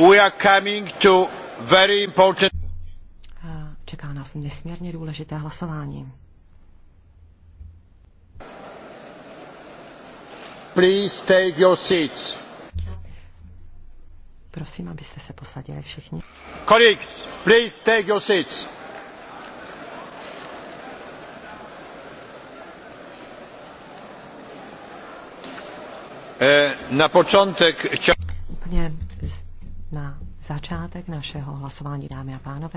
Uh, čeká nás nesmírně důležité hlasování. Please take your seats. Prosím, abyste se posadili všichni. Colleagues, please take your seats. Uh, na počátek. Úplně začátek našeho hlasování, dámy a pánové.